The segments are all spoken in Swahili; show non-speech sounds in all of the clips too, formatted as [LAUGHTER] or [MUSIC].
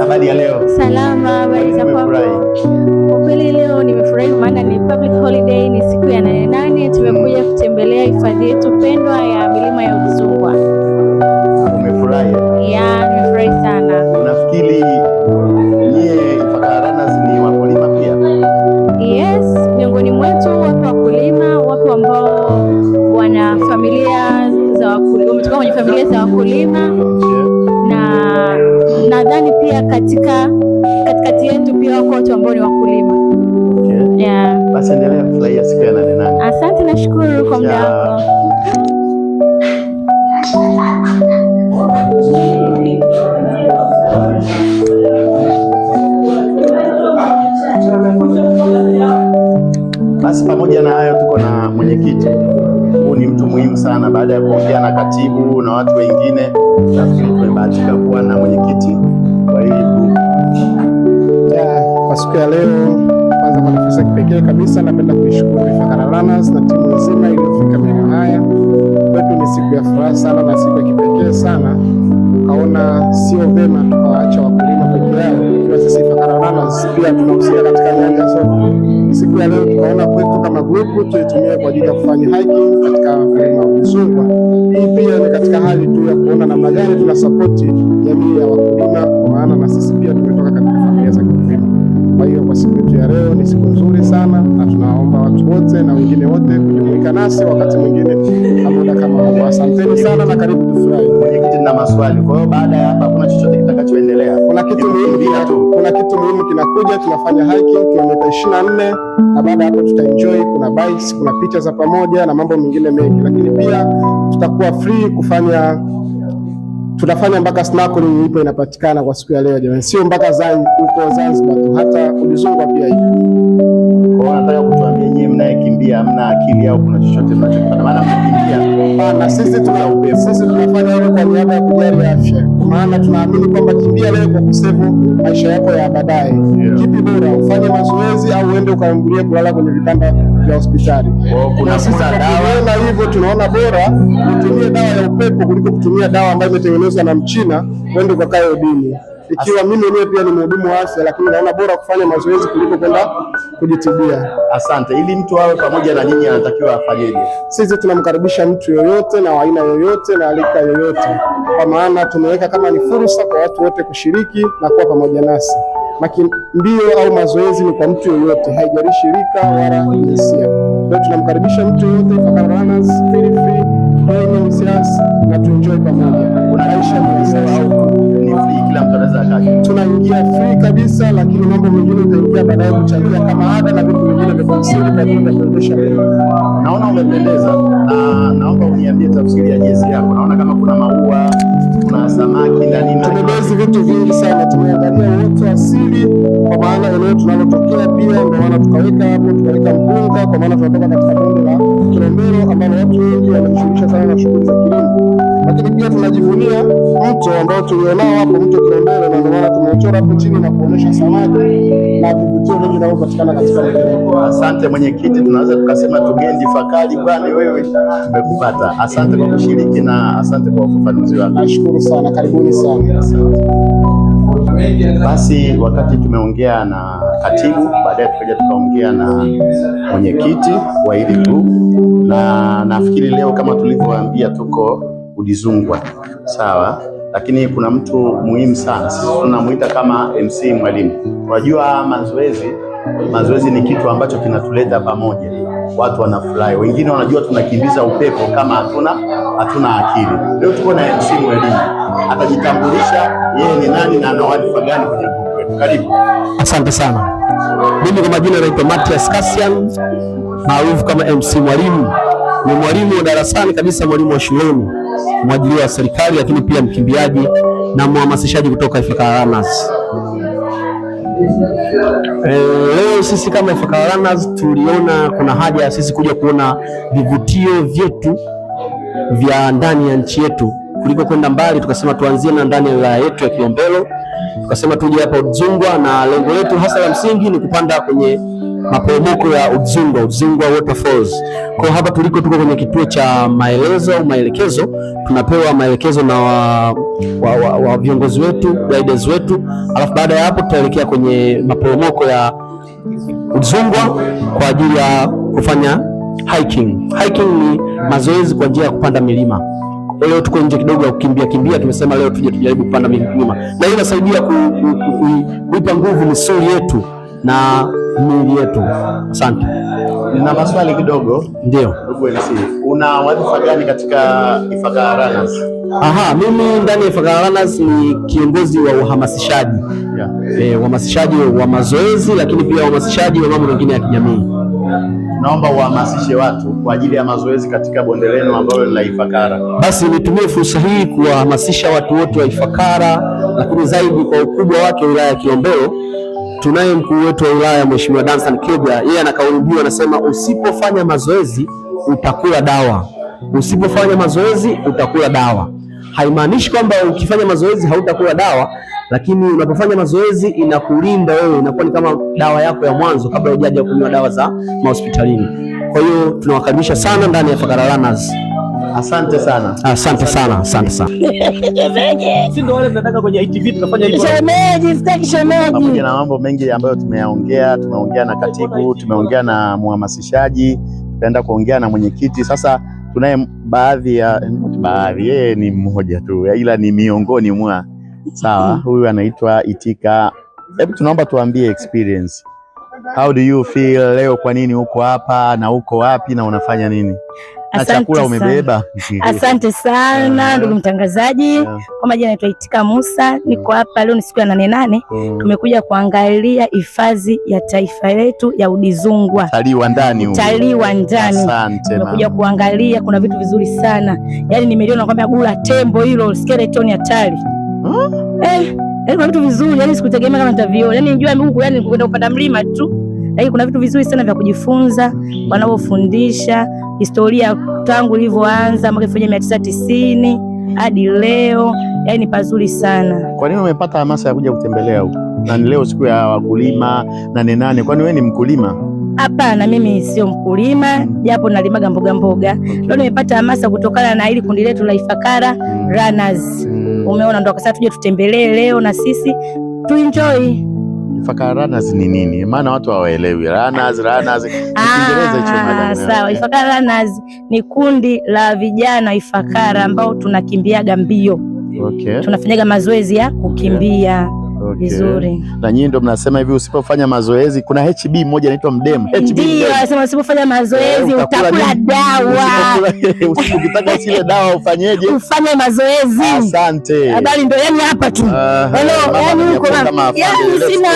Habari ya leo? Salama, habari za kwako? Ukweli leo nimefurahi maana ni public holiday, ni siku ya nane nane, tumekuja kutembelea hifadhi yetu kutoka kwenye familia za wakulima na nadhani pia katika katikati yetu pia wako watu ambao ni wakulima. Basi endelea kufurahia siku ya nane nane. Asante, nashukuru kwa muda wako. Basi pamoja na hayo muhimu sana. Baada ya kuongea na katibu na watu wengine, tumebahatika kuwa na mwenyekiti wa hili group kwa siku ya leo. Kwanza, kwa nafasi ya kipekee kabisa, napenda kuishukuru Ifakara Runners na timu nzima iliyofika maeneo haya. Kwetu ni siku ya furaha sana na siku ya kipekee sana, ukaona sio vema tukawaacha peke sisi pia tunahusika katika nyanja Siku ya leo tunaona kwetu kama grupu tulitumia kwa ajili ya kufanya hiking katika mlima wa Hii pia ni katika hali tu ya kuona namna gani sapoti jamii ya wakulima, kwa maana na sisi pia tumetoka katika familia za kikulima kwa siku yetu ya leo. Ni siku nzuri sana, na tunaomba watu wote na wengine wote kujumuika nasi wakati mwingine amuda kama huu. Asanteni sana na karibu tufurahi. Mwenyekiti, na maswali. Kwa hiyo baada ya hapa kuna chochote kitakachoendelea? Kuna kitu muhimu, kuna kitu muhimu kinakuja. Tunafanya hiking kilomita 24 na baada ya hapo tutaenjoy. Kuna bikes, kuna picha za pamoja na mambo mengine mengi, lakini pia tutakuwa free kufanya tunafanya mpaka snorkeling ipo inapatikana kwa siku ya leo jamani, sio mpaka huko Zanzibar tu, hata Udzungwa pia ipo. nataka kutuambia nyinyi mnayekimbia hamna akili au kuna chochote mnachokipata? Maana mkimbia. na sisi tuna sisi tunafanya hivyo kwa niaba ya kujali afya, kwa maana tunaamini kwamba kimbia leo kwa kusevu maisha yako ya baadaye. Kipi bora, ufanye mazoezi au uende ukaungulie kulala kwenye vitanda ya hospitali. Kuna sisi hivyo, tunaona bora kutumia dawa ya upepo kuliko kutumia dawa ambayo imetengenezwa na Mchina kwenda kwa kayo dini ikiwa mimi mwenyewe pia ni mhudumu wa afya, lakini naona bora kufanya mazoezi kuliko kwenda kujitibia. Asante. Ili mtu awe pamoja na nyinyi anatakiwa afanyeje? Sisi tunamkaribisha mtu yoyote na aina yoyote na alika yoyote, kwa maana tumeweka kama ni fursa kwa watu wote kushiriki na kuwa pamoja nasi mbio au mazoezi ni kwa mtu yoyote, haijalishi rika wala jinsia. Leo tunamkaribisha mtu yoyote Ifakara Runners, feel free, join us na tuenjoy pamoja. Tunaingia free kabisa, lakini mambo mengine utaingia baadaye kuchangia kama ada na vitu vingine vya msingi kwa ajili ya kuendesha. Naona umependeza, na naomba uniambie tafsiri ya jezi yako. Naona kama kuna maua kuna samaki ndani. Tumebezi vitu vingi sana, tumeangalia wote asili, kwa maana eneo tunalotokea pia, ndio maana tukaweka hapo, tukaweka mpunga, kwa maana tunatoka katika bonde la Kilombero ambalo watu wengi wanajishughulisha sana na shughuli za kilimo lakini pia tunajivunia mto ambao tulionao hapo, mto Kilombero, na ndio maana tumeuchora hapo chini na kuonesha samaki na vivutio vingi vinavyopatikana katika mto. Asante mwenyekiti, tunaweza tukasema tugendi fakali, kwani wewe tumekupata. Asante kwa kushiriki na asante kwa ufafanuzi wako. Nashukuru sana, karibuni sana, asante. Basi wakati tumeongea na katibu, baadaye tukaja tukaongea na mwenyekiti wa hili group, na nafikiri leo kama tulivyowaambia tuko Udizungwa, sawa. Lakini kuna mtu muhimu sana, sisi tunamuita kama MC mwalimu. Unajua mazoezi, mazoezi ni kitu ambacho kinatuleta pamoja, watu wanafurahi. Wengine wanajua tunakimbiza upepo kama hatuna hatuna akili. Leo tuko na MC mwalimu, atajitambulisha yeye ni nani na ana wadhifa gani kwenye grupu yetu. Karibu. Asante sana. Mimi kwa majina naitwa matias Cassian maarufu kama MC mwalimu. Ni mwalimu wa darasani kabisa, mwalimu wa shuleni mwajiliwa wa serikali, lakini pia mkimbiaji na mhamasishaji kutoka Ifakara Runners. Eh, leo sisi kama Ifakara Runners tuliona kuna haja ya sisi kuja kuona vivutio vyetu vya ndani ya nchi yetu kuliko kwenda mbali, tukasema tuanzie na ndani ya wilaya yetu ya Kilombero, tukasema tuje hapa Udzungwa, na lengo letu hasa la msingi ni kupanda kwenye maporomoko ya Udzungwa, Udzungwa Waterfalls. Kwa hapa tuliko tuko kwenye kituo cha maelezo au maelekezo, tunapewa maelekezo na wa, wa, wa, wa viongozi wetu guides wetu, alafu baada ya hapo tutaelekea kwenye maporomoko ya Udzungwa kwa ajili ya kufanya hiking. Hiking ni mazoezi kwa njia ya kupanda milima. Leo tuko nje kidogo ya kukimbia kimbia, tumesema leo tuje tujaribu kupanda milima, na hii inasaidia kuipa nguvu misuli yetu na miili yetu. Asante. Nina maswali kidogo. Ndio. Ndugu MC, una wadhifa gani katika Ifakara Runners? Aha, mimi ndani ya Ifakara Runners ni kiongozi wa uhamasishaji, eh, uhamasishaji yeah. E, wa mazoezi lakini pia uhamasishaji wa mambo mengine ya kijamii. Naomba uhamasishe watu kwa ajili ya mazoezi katika bonde lenu ambalo ni la Ifakara. Basi nitumie fursa hii kuwahamasisha watu wote wa Ifakara, lakini zaidi kwa ukubwa wake wilaya ya Kiombero Tunaye mkuu wetu wa wilaya Mheshimiwa Dansan Kibwa, yeye ana kauli mbiu anasema, usipofanya mazoezi utakula dawa. Usipofanya mazoezi utakula dawa. Haimaanishi kwamba ukifanya mazoezi hautakula dawa, lakini unapofanya mazoezi inakulinda wewe, inakuwa ni kama dawa yako ya mwanzo kabla hujaja kunywa dawa za mahospitalini. Kwa hiyo tunawakaribisha sana ndani ya Fakara Runners. Asante sana, asante sana, asante sana. Si ndio wale mnataka kwenye ITV tunafanya hivyo. Shemeji, sitaki shemeji. Pamoja na mambo mengi ambayo tumeyaongea, tumeongea na katibu, tumeongea na mhamasishaji, tutaenda kuongea na mwenyekiti. Sasa tunaye baadhi ya baadhi, yeye ni mmoja tu, ila ni miongoni mwa sawa. Huyu anaitwa Itika. Hebu tunaomba tuambie experience. How do you feel leo? Kwa nini uko hapa na uko wapi na unafanya nini? na chakula umebeba. Asante sana eh. ndugu mtangazaji, yeah. Kwa majina naitwa Itika Musa, eh. niko hapa leo, ni siku ya nane nane yeah. Tumekuja kuangalia hifadhi ya taifa letu ya Udizungwa, utalii wa ndani, utalii wa ndani. Tumekuja kuangalia, kuna vitu vizuri sana yaani, nimeliona kwamba gula tembo hilo skeleton hatari huh? Eh, yaani kuna vitu vizuri yaani, sikutegemea kama nitaviona yaani, nijua mimi huku yaani kwenda kupanda mlima tu lakini kuna vitu vizuri sana vya kujifunza wanavyofundisha historia tangu ilivyoanza mwaka elfu moja mia tisa tisini hadi leo, yani pazuri sana. Kwa nini umepata hamasa ya kuja kutembelea huko na leo siku ya wakulima nane nane? Kwani wewe ni mkulima? Hapana, mimi sio mkulima mm. japo nalimaga mboga mboga. Leo nimepata hamasa kutokana na hili kundi letu la Ifakara mm. Runners, mm. umeona, ndo akasema tuje tutembelee leo na sisi tuenjoy. Ifakara runners ni nini? Maana watu hawaelewi runners, runners. Ah, sawa. Ifakara eh. runners ni kundi la vijana Ifakara mm. ambao tunakimbiaga mbio. Okay. Tunafanyaga mazoezi ya kukimbia. Yeah vizuri. Na nyinyi ndio mnasema hivi usipofanya mazoezi, kuna HB moja inaitwa mdemu. Ndio anasema usipofanya mazoezi eh, utakula dawa. [LAUGHS] Ukitaka sile dawa ufanyeje? Ufanye mazoezi. Asante. Habari ndio yani hapa tu. yani yani, uko sina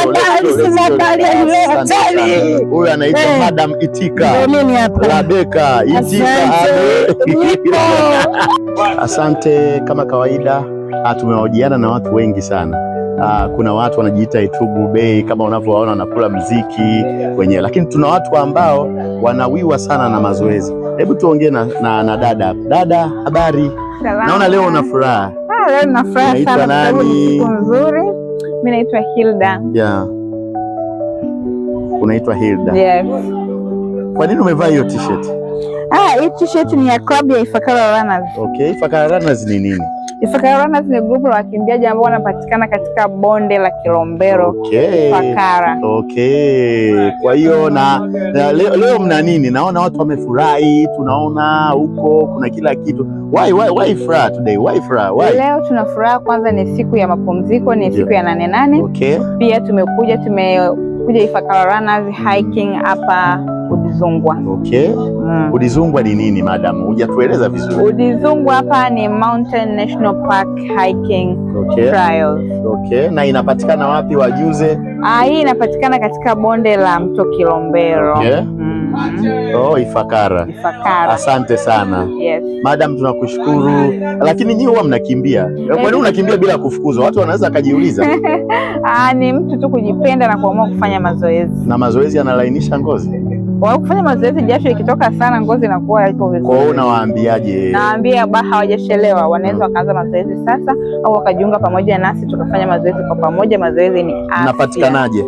sina habari, habari Huyu anaitwa eh. Madam Itika. mimi hapa, Labeka Itika. Asante [LAUGHS] kama kawaida ah, tumewahojiana na watu wengi sana Uh, kuna watu wanajiita Itubu Bey kama unavyowaona wanakula mziki wenyewe, lakini tuna watu ambao wanawiwa sana na mazoezi. Hebu tuongee na, na, na dada. Dada, habari? Salama. Naona leo una furaha. Ah, leo na furaha sana, siku nzuri. Mimi naitwa Hilda. Yeah. Unaitwa Hilda? Yes. Kwa nini umevaa hiyo t-shirt? Ah, hii t-shirt ni ya club ya Ifakara Runners. Okay, Ifakara Runners ni nini? Ifakara Runners ni grupu la wakimbiaji ambao wanapatikana katika bonde la Kilombero okay. Ifakara okay. Kwa hiyo na, na leo, leo mna nini? Naona watu wamefurahi, tunaona huko kuna kila kitu. Why, why, why furaha today? Why furaha? Why? Leo tuna furaha, kwanza ni siku ya mapumziko, ni siku ya nane nane okay. Pia tumekuja tumekuja Ifakara Runners hiking hapa udizungwa. Okay. Mm. Udizungwa ni nini madam? Hujatueleza vizuri. Udizungwa hapa ni Mountain National Park hiking okay. Trails. Okay. Na inapatikana wapi wajuze? Ah, hii inapatikana katika bonde la mto Kilombero. Okay. Mm Oh, Ifakara. Ifakara. Asante sana. Yes. Madam tunakushukuru. Lakini nyinyi huwa mnakimbia. Eh, Kwa nini unakimbia bila kufukuzwa? Watu wanaweza akajiuliza. [LAUGHS] Ah, ni mtu tu kujipenda na kuamua kufanya mazoezi. Na mazoezi yanalainisha ngozi. Kwa kufanya mazoezi, jasho ikitoka sana, ngozi inakuwa haipo vizuri. Kwa hiyo unawaambiaje? Naambia ba hawajachelewa, wanaweza wakaanza mazoezi sasa au wakajiunga pamoja nasi tukafanya mazoezi kwa pamoja. Mazoezi ni afya. Napatikanaje?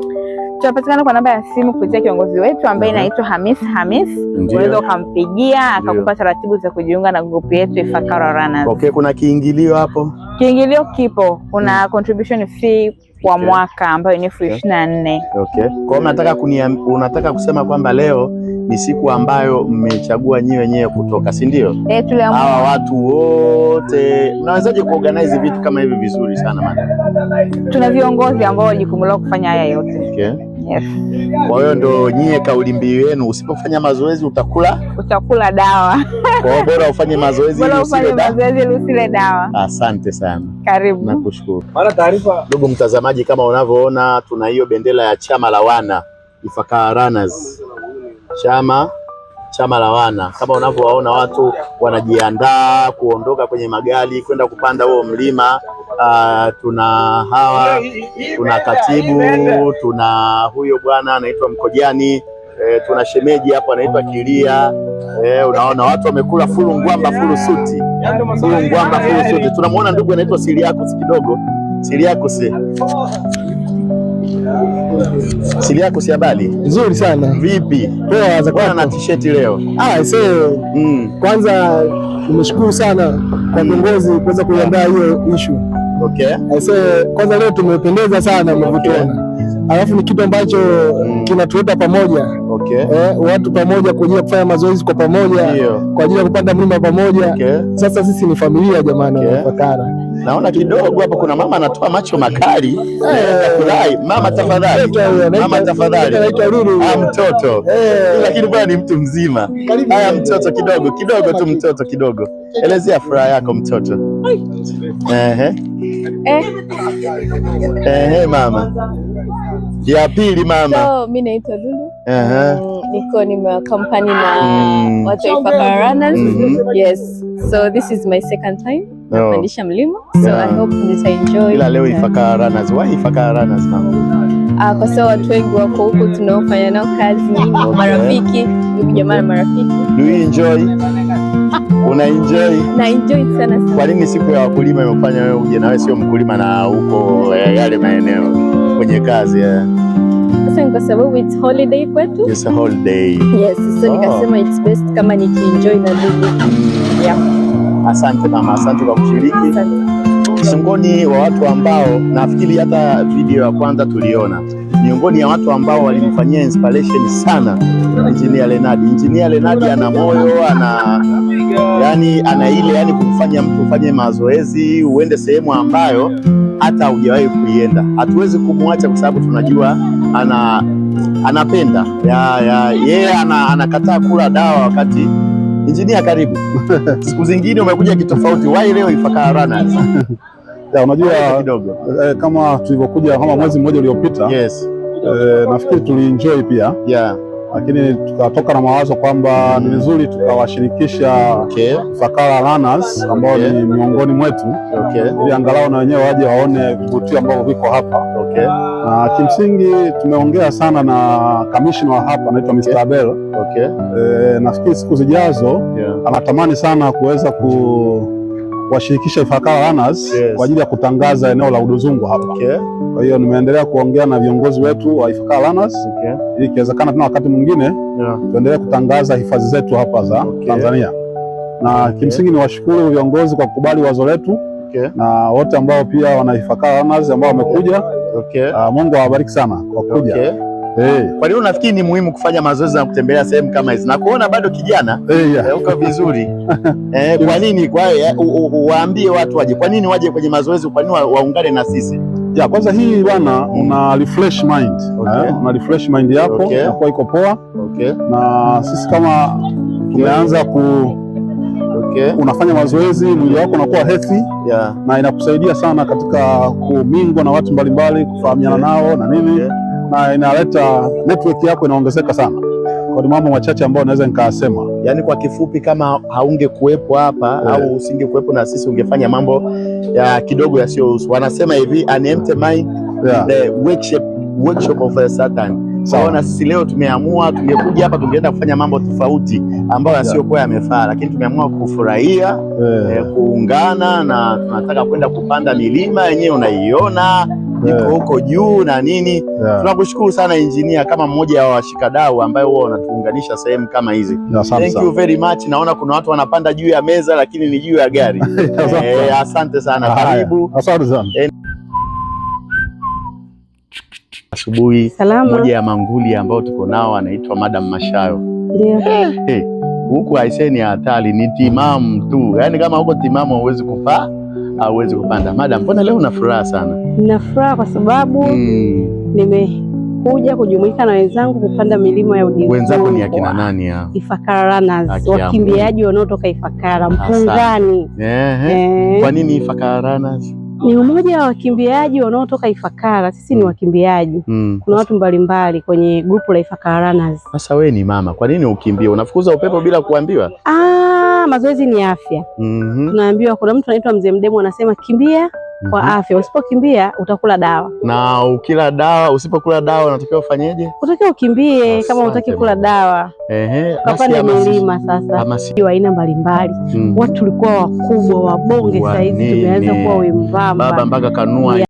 Tunapatikana kwa namba ya simu kupitia kiongozi wetu ambaye inaitwa Hamis Hamis. Unaweza ukampigia akakupa taratibu za kujiunga na grupu yetu Ifakara Runners. Okay, kuna kiingilio hapo? Kiingilio kipo, kuna hmm. contribution fee wa mwaka ambayo ni elfu okay. ishirini na nne. Okay. Kwa hiyo unataka kuniam, unataka kusema kwamba leo ni siku ambayo mmechagua nyi wenyewe kutoka, si ndio? Eh, tuliamua hawa watu wote. Mnawezaje kuorganize vitu kama hivi vizuri sana madam? Tuna viongozi ambao jukumu lao kufanya haya yote. Okay. Kwa hiyo ndo nyie kauli mbiu yenu, usipofanya mazoezi utakula utakula dawa. Kwa hiyo bora ufanye mazoezi ili usile dawa. dawa. Asante sana. Karibu. Nakushukuru. Mara taarifa, ndugu mtazamaji, kama unavyoona tuna hiyo bendera ya chama la wana Ifakara Runners. Chama chama la wana, kama unavyowaona watu wanajiandaa kuondoka kwenye magari kwenda kupanda huo mlima Uh, tuna hawa tuna katibu tuna huyo bwana anaitwa Mkojani eh, tuna shemeji hapo anaitwa Kilia eh, unaona watu wamekula fulu ngwamba fulu suti yaani fulu ngwamba fulu suti. Tunamwona ndugu anaitwa Siliakus kidogo Siliakus Siliakus, habari nzuri sana. Vipi poa za kwanza na t-shirt leo? Ah, mm. Kwanza nimeshukuru sana kwa viongozi kuweza kuiandaa hiyo issue Okay. Ase, kwanza leo tumependeza sana umevutiana. Okay. Alafu ni kitu ambacho mm. kinatuleta pamoja. Okay. Eh, watu pamoja kwa ajili ya kufanya mazoezi kwa pamoja, kwa ajili ya kupanda mlima pamoja. Okay. Sasa sisi ni familia jamani, okay naona kidogo hapo kuna mama anatoa macho makali kurai. Mama tafadhali, mama tafadhali, ah, mtoto eh. lakini bwana ni mtu mzima. Haya, ah, mtoto kidogo kidogo tu, mtoto kidogo, elezea furaha yako mtoto. Ehe, ehe, mama ya pili mama. So, mimi naitwa Lulu. Aha. Mm, niko nime kampani na watu wa Ifakarana. Yes. So this is my second time napandisha mlima so yeah. I hope nita enjoy ila leo ifaka Runners why ifaka Runners now? ah, kwa sababu watu wengi wako huko tunaofanya nao kazi ni [LAUGHS] marafiki ndugu jamaa na marafiki. Do you enjoy? Una enjoy? Na enjoy sana sana. Kwa nini siku ya wakulima imefanya wewe uje na wewe sio mkulima na huko eh, yale maeneo kwenye kazi ya eh? kwa sababu it's holiday kwetu. It's a holiday. Yes, so oh. nikasema it's best kama nikienjoy na ndugu. Mm. Yeah. Asante mama, asante kwa kushiriki. Miongoni wa watu ambao nafikiri hata video ya kwanza tuliona, miongoni ya watu ambao walimfanyia inspiration sana Engineer Lenadi. Engineer Lenadi ana moyo, ana yani, ana ile yani kumfanya mtu ufanye mazoezi, uende sehemu ambayo hata hujawahi kuienda. Hatuwezi kumwacha kwa sababu tunajua ana anapenda yeye, yeah, yeah, anakataa kula dawa wakati Injinia, karibu [LAUGHS] siku zingine umekuja kitofauti, why leo Ifakara Runners? [LAUGHS] Ya, unajua eh, kama tulivyokuja kama mwezi mmoja uliopita yes. Eh, nafikiri tulienjoy pia yeah lakini tukatoka na mawazo kwamba mm. ni vizuri tukawashirikisha okay. Sakala Runners ambao okay. ni miongoni mwetu okay. ili angalau na wenyewe waje waone vivutio ambavyo viko hapa okay. na kimsingi tumeongea sana na kamishna wa hapa anaitwa okay. Mr. Abel okay. E, nafikiri siku zijazo yeah. anatamani sana kuweza ku washirikisha Ifakara Runners yes. kwa ajili ya kutangaza eneo la Uduzungu hapa okay. Kwa hiyo nimeendelea kuongea na viongozi wetu wa Ifakara Lanas, okay. ili ikiwezekana tena wakati mwingine yeah. tuendelee kutangaza hifadhi zetu hapa za okay. Tanzania na okay. kimsingi niwashukuru viongozi kwa kukubali wazo letu okay. na wote ambao pia wana Ifakara Lanas ambao wamekuja okay. uh, Mungu awabariki sana kwa kuja okay. Hey. Eh. Kwa nini unafikiri ni muhimu kufanya mazoezi na kutembelea sehemu kama hizi? Na kuona bado kijana hey, eh, yeah. uko vizuri [LAUGHS] eh, kwa nini kwa eh, waambie watu waje, kwa nini waje kwenye mazoezi, kwa nini waungane na sisi? Ya kwanza hii bwana, una refresh mind eh? okay. Una refresh mind yako okay. Inakuwa iko poa okay. Na sisi kama tumeanza ku okay. Unafanya mazoezi mwili wako unakuwa healthy yeah. Na inakusaidia sana katika kumingwa na watu mbalimbali kufahamiana okay. nao na nini okay. Na inaleta network yako inaongezeka sana, kwa mambo machache ambayo naweza nikasema Yaani kwa kifupi, kama haungekuwepo hapa yeah, au usingekuwepo na sisi, ungefanya mambo ya kidogo yasiyohusu. Wanasema hivi an empty mind yeah, the workshop, workshop of the Satan. So, na sisi leo tumeamua, tungekuja hapa tungeenda kufanya mambo tofauti ambayo yasiokuwa yamefaa, lakini tumeamua kufurahia yeah, eh, kuungana na tunataka kwenda kupanda milima yenyewe unaiona yeah. huko juu na nini yeah. Tunakushukuru sana injinia, kama mmoja wa washikadau ambayo huwa wanatuunganisha sehemu kama hizi yeah, thank you very much. Naona kuna watu wanapanda juu ya meza lakini ni juu ya gari [LAUGHS] eh, asante sana, karibu. Asante sana. Asubuhi moja ya manguli ambao tuko nao anaitwa Madam Mashayo eh, eh, huku, aisee aiseni hatari, ni timamu tu, yaani kama huko timamu hauwezi kupaa au uweze kupanda. Madam, mbona leo una furaha sana? Nina furaha kwa sababu mm, nimekuja kujumuika na wenzangu kupanda milima ya Udzungwa. Wenzako ni akina nani ya? Ifakara Runners, wakimbiaji wanaotoka Ifakara Mpungani. Eh. Kwa nini Ifakara Runners? ni umoja wa wakimbiaji wanaotoka Ifakara. Sisi mm. ni wakimbiaji mm. kuna watu mbalimbali kwenye grupu la Ifakara Runners. Sasa wewe ni mama, kwa nini ukimbia? Unafukuza upepo bila kuambiwa? Aa, ah, mazoezi ni afya. mm -hmm. Tunaambiwa kuna mtu anaitwa mzee Mdemu anasema kimbia kwa mm -hmm. afya. Usipokimbia utakula dawa, na ukila dawa, usipokula dawa unatakiwa ufanyeje? utakiwa ukimbie kama utaki kula dawa, kapande milima. Sasa aina mbalimbali mm -hmm. watu walikuwa wakubwa, wabonge, saizi tumeanza kuwa wembamba, baba mpaka kanua